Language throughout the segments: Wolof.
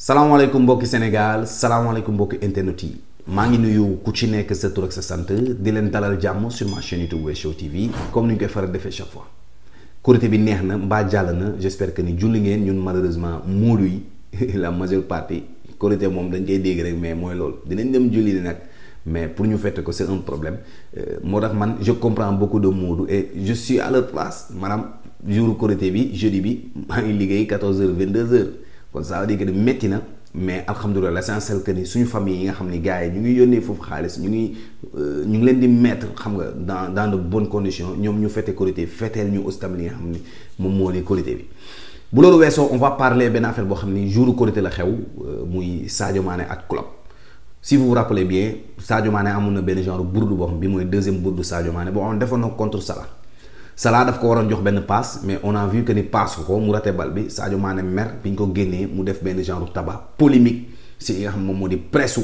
salaamaaleykum mbokki Sénégal salaamaaleykum mbokki internet yi maa ngi nuyu ku ci nekk sa tur sa sant di leen dalal jàmm sur ma chaîne YouTube Wes Show TV comme ni ñu koy faral defee chaque fois Korité bi neex na mbaa jàll na j'espère que ni julli ngeen ñun malheureusement moodu yi la majeure partie Korité moom dañ koy dégg rek mais mooy lool dinañ dem julli ni nag mais pour ñu fête ko c'est un problème euh, moo tax man je comprends beaucoup de moodu e je suis à maanaam jour Korité bi jeudi bi maa ngi liggéey 14 heures 22 heures kon ça veut dire que de métti na mais alhamdulilah l'essentiel que ni suñu famille yi nga xam ni gars yi ñu ngi yónnee foofu xaalis ñu ngi euh, ñu ngi leen di mettre xam nga dans dans bon condition ñoom ñu fete Korité feteel ñu aussi tamit nga xam ni moom moo di Korité bi. bu loolu weesoo on va parler benn affaire boo xam ni jouru Korité la xew euh, muy Sadio Mané ak club si vous vous rappelez bien Sadio Mané amoon na benn genre bourde boo xam bi mooy deuxième bourde Sadio boo defoon na contre Salah. Salah daf ko waroon jox benn passe mais on a vu que ni passe ko mu raté bal bi Sadio Mané mer bi ñu ko génnee mu def benn genre tabac polémique si moom moo di pressu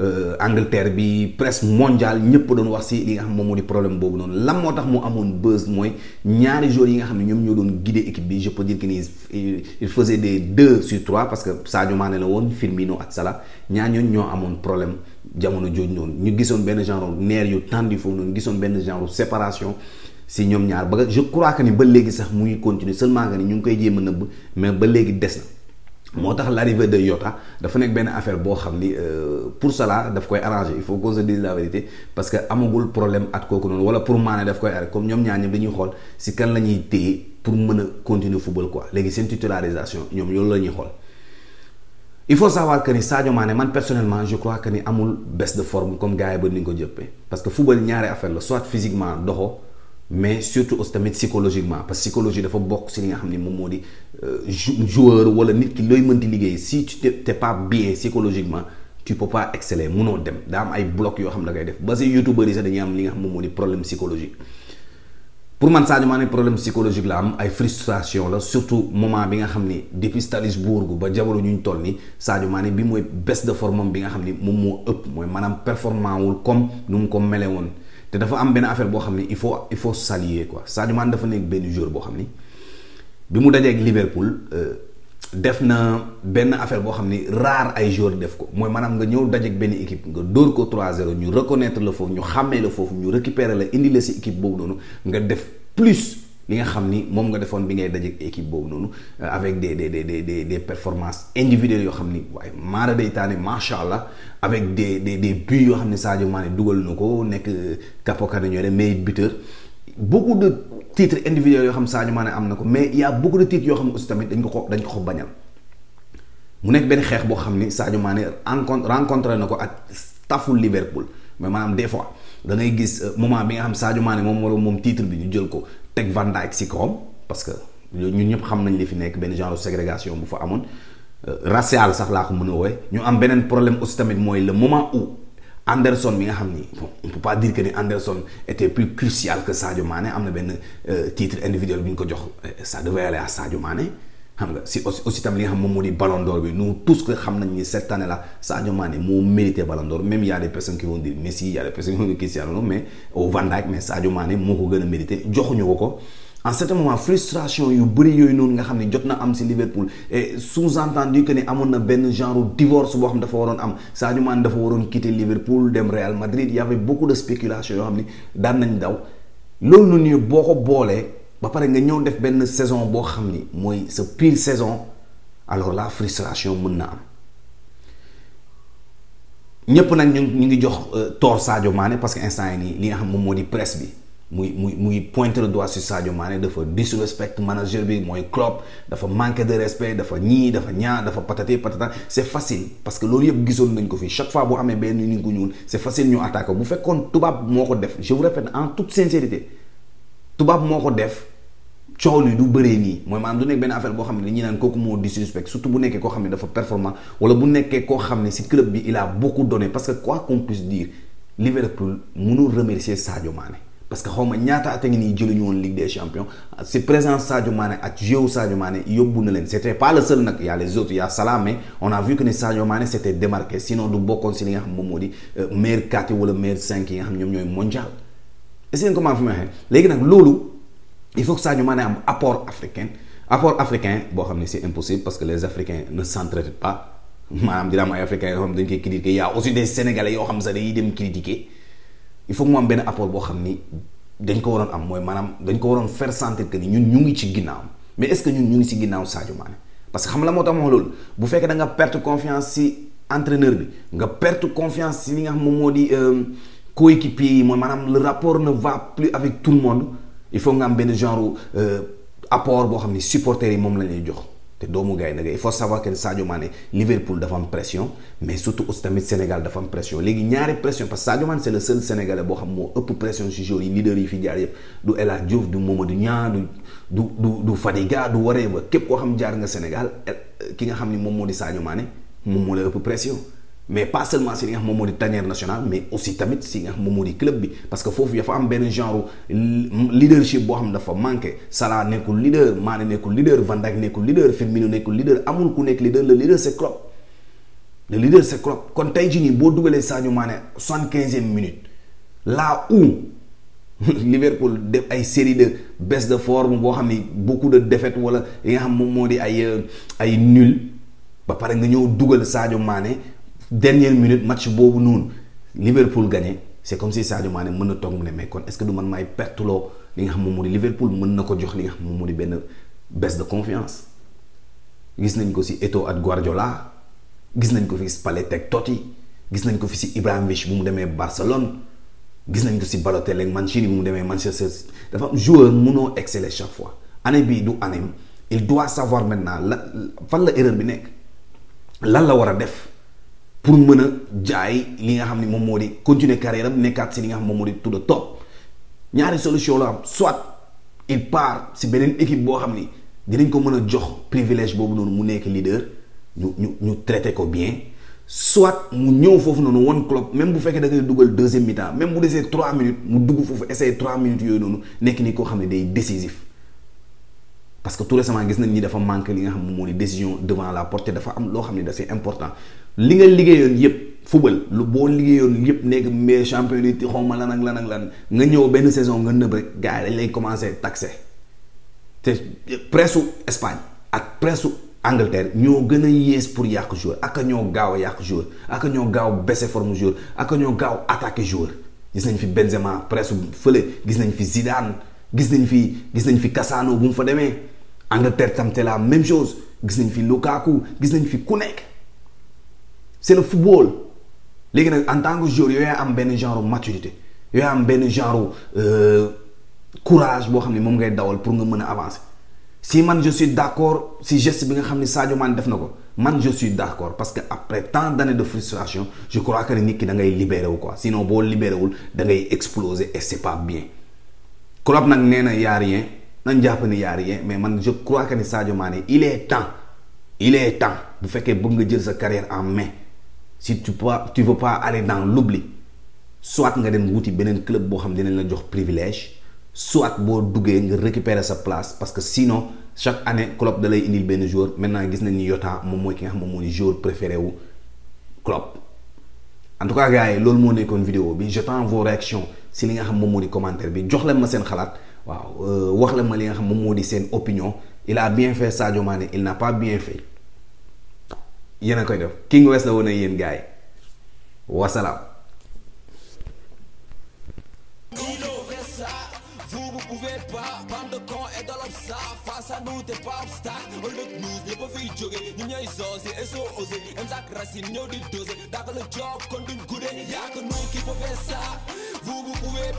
euh, Angleterre bi presse mondiale ñëpp doon wax si li nga di problème boobu noonu lan moo tax mu amoon buzz mooy ñaari joueurs yi nga xam ne ñoom ñoo doon guider équipe bi je peux dire que trois parce que Sadio Mané la woon Firmino ak Salah ñaar ñooñ ñoo amoon problème. jamono jooju noonu ñu gisoon benn genre neer yu tendu foofu noonu gisoon benn genre séparation si ñoom ñaar ba je crois que ni ba léegi sax mu ngi continuer seulement que ni ñu ngi koy jéem nëbb mais ba léegi des na moo tax l'arrivée de Yota dafa nekk benn affaire boo xam ni euh, pour cela daf koy arranger il faut qu'on que amagul problème at kooku noonu wala pour maanaam daf koy comme ñoom ñaar ñëpp dañuy kan la ñuy téye pour mën a continuer football quoi ñoom loolu la ñuy xool il faut savoir que ni Sadio Mané man personnellement je crois que ni amul baisse de forme comme gars yi ba ni ñu ko jëppee parce que football ñaari affaire la soit physiquement doxo mais surtout aussi tamit psychologiquement parce que psychologie dafa bokk si li nga xam ne moom moo di euh, joueur wala nit ki looy mënti liggéey si tu t'es pas bien psychologiquement tu peux pas exceller munoo dem daa am ay bloc yoo xam da ngay def ba si youtubeurs yi sax dañuy am li nga xam moom moo di problème psychologique pour man Sadio Mané problème psychologique la am ay frustration la surtout moment bi nga xam ni depuis Salzbourg ba jamono ñu toll ni Sadio Mané bi mooy baisse de forme bi nga xam ni moom moo ëpp mooy maanaam performant wul comme nu mu ko mele woon te dafa am benn affaire boo xam ne il faut il faut saluer quoi Sadio Mané dafa nekk benn joueur boo xam ni bi mu dajee ak Liverpool euh, def na benn affaire boo xam ni rare ay joueur def ko mooy maanaam nga ñëw dajeek benn équipe nga dóor ko 3-0 ñu reconnaître la foofu ñu xàmmee la foofu ñu récupérer la indi la si équipe boobu doonu nga def plus. li nga xam ni moom nga defoon bi ngay dajeeg équipe boobu noonu euh, avec des des des des des performances yoo xam ni waaye maara day taane macha allah avec des des des buts yoo xam ni Sadio Mané dugal na ko nekk euh, Capo Carneiro meilleur buteur beaucoup de titres individuels yoo xam Sadio Mané am na ko mais y a beaucoup de yoo xam ne aussi dañ ko ko dañ ko ko mu nekk benn xeex boo xam ni Sadio Mané rencontre rencontré na ko ak staffu Liverpool mais maanaam des fois. da gis euh, moment bi nga xam Sadio Mané moom wala moom titre bi ñu jël ko teg Van Dijk si kawam parce que ñun ñëpp xam nañ li fi nekk benn genre ségrégation bu fa amoon euh, racial sax laa ko mën a wooy ñu am beneen problème aussi tamit mooy le moment où Anderson mi nga xam ni bon on peut pas dire que ni Anderson était plus crucial que Sadio Mané am na benn euh, titre individuel bu ñu ko jox ça devait aller à Sadio xam nga si aussi tamit li nga xam moom moo di ballon d'or bi nous tous que xam nañ ni cette année là Sadio moo mérité ballon d'or même y a des qui vont Messi y a des qui vont dire mais au Van Dijk mais Sadio Mané moo ko gën a mérité joxuñu ko ko. en certain moment frustration yu bëri yooyu noonu nga xam ne jot na am si Liverpool et sous-entendu que ne amoon na benn genre divorce boo xam ne dafa waroon am Sadio Mané dafa waroon quitter Liverpool dem Real Madrid y avait beaucoup de spéculation yoo ba pare nga ñëw def benn saison boo xam ni mooy sa pire saison alors la frustration mën na am ñëpp nag ñu ngi jox euh, tort Sadio Mané parce que instant yi nii li nga xam moom moo di presse bi muy muy muy pointer le doigt sur Sadio Mané dafa disrespect manager bi mooy Klopp dafa manquer de respect dafa ñii dafa ñaa dafa patate patata c'est facile parce que loolu yëpp gisoon nañ ko fi chaque fois boo amee benn ni ko ñuul c'est facile ñu attaquer bu fekkoon tubaab moo ko def coow li du bëree nii mooy maanaam du nekk benn affaire boo xam ne dañuy naan kooku moo di suspect surtout bu nekkee koo xam ne dafa performant wala bu nekkee koo xam ne si club bi il a beaucoup donné parce que quoi qu'on puisse dire Liverpool mënul remercier Sadio parce que xaw ma ñaata at a ngi nii jëluñu woon Ligue des Champions si présence Sadio Mané ak jeu Sadio Mané yóbbu na leen c' était pas nag y' a les autres y' a Salah mais on si li nga xam moom moo di euh, meilleur quatre wala meilleur ñoom ñooy mondial. est-ce que comment fi ma waxee léegi nag loolu il faut que Sadio Mané am apport africain apport africain boo xam ne c'est impossible parce que les africains ne s'entraident pas maanaam dina am ay yoo xam dañ a aussi des sénégalais yoo xam sax dañuy dem critiquer il xam ni dañ ko waroon am mooy maanaam dañ ko waroon faire sentir que ni ñun ñu ngi ci ginnaaw mais est-ce que ñun ñu ngi ci ginnaaw Sadio Mané parce que xam la moo tax ma loolu bu fekkee da nga perte confiance ci entraîneur bi nga perte confiance moo euh, coéquipier yi mooy maanaam le rapport ne va plus avec tout le monde il faut nga am benn genre euh, apport boo xam ni supporters yi moom la ñuy jox te doomu gars yi nag il faut savoir que Sadio Mané Liverpool dafa am pression mais surtout aussi tamit Sénégal dafa am pression léegi ñaari pression parce que Sadio Mané c'est le seul sénégalais boo xam moo ëpp pression ci joueurs yi leaders yi fi jaar yëpp du El du Mamadou Niang du du du du Fadiga du waree ba képp koo xam jaar nga Sénégal ki nga xam ni moom moo di Sadio Mané moom moo la ëpp pression. mais pas seulement si li nga xam moom moo di tanière nationale mais aussi tamit si nga xam moom moo di club bi parce que foofu dafa am benn genre leadership boo xam dafa manqué nekkul leader Mané nekkul leader Van Dijk nekkul leader Firmino nekkul leader amul ku nekk leader le leader c'est Klopp le leader c'est Klopp kon tey jii boo dugalee Sadio Mané soixante-quinzième minute là où Liverpool def ay série de de forme boo xam ni beaucoup de défaites wala yi nga xam moom moo di ay euh, ay nul ba pare nga ñëw dugal Sadio Mané. dernière minute match boobu noonu Liverpool gagné c' est comme si Sadio Mané mën na toog mu ne mais kon est ce que du man maay pertuloo li nga xam moom moo di Liverpool mën na ko jox li nga xam moom moo benn baisse de confiance gis nañ ko si Eto'o ak Guardiola gis nañ ko fi Spalletti teg Totti gis nañ ko fi si Ibrahimovic bu mu demee Barcelone gis nañ ko si balote ak Mancini bu mu demee Manchester dafa am joueur mënoo exceller chaque fois année bii du année il doit savoir maintenant la fan la erreur bi nekk lan la war a def. pour mën a jaay li nga xam ni moom moo de continuer carrière am nekkaat si li nga xam moom moo di tout le top ñaari solution la am soit il part si beneen équipe boo xam ni dinañ ko mën a jox privilège boobu noonu mu nekk leader ñu ñu ñu traite ko bien soit mu ñëw foofu noonu one club même bu fekkee da ngay dugal deuxième mi-temps bu desee trois minutes mu dugg foofu essayer trois minutes yooyu noonu nekk ni koo xam ne day décisif parce que tout récemment gis nañ ni dafa manqué li nga xam moo di décision devant la portée dafa am loo xam ne dafay important li nga liggéeyoon yëpp football lu boo liggéeyoon yëpp nekk mais champion di xaw lan ak lan ak lan nga ñëw benn saison nga nëb rek gars yi dañ lay commencé taxé te pressu Espagne ak pressu Angleterre ñoo gën a yées pour yàq joueur ak ñoo gaaw a yàq joueur ak ñoo gaaw baisse jour joueur ak ñoo gaaw attaqué joueur gis nañ fi Benzema pressu fële gis nañ fi Zidane gis nañ fi gis nañ fi Cassano bu mu fa demee. Angleterre tam c'est la même chose gis nañ fi Lukaku gis nañ fi ku nekk c'est le football léegi nag en tant que joueur yooyu am benn genre maturité yooyu am benn genre euh, courage boo xam ne moom ngay dawal pour nga mën a avancer si man je suis d'accord si geste bi nga xam ne Sadio Mane def na ko man je suis d'accord parce que après tant d'années de frustration je crois que nit ki da ngay libéré wu boo libéré wul da ngay exploser et c'est pas bien nee na y nañ jàpp ni y mais man je crois que ni Sadio Mané il est temps il est temps bu fekkee bëgg nga jël sa carrière en main si tu peux tu veux pas aller dans l'oubli soit nga dem wuti beneen club boo xam dinañ la jox privilège soit boo duggee nga récupérer sa place parce que sinon chaque année Klopp da lay indil benn joueur maintenant gis nañ ni Yota moom mooy ki nga xam moom moo di joueur préféré wu Klopp en tout cas yi loolu moo nekkoon vidéo bi j'attends vos li nga xam moom moo di bi jox leen ma seen xalaat. waaw euh, wax la ma li nga xam moom moo di seen opinion il a bien fait Sadio Mané il n'a pas bien fait yéen a koy def King West la woon ak yéen gars yi wasalaam. Vous, vous pouvez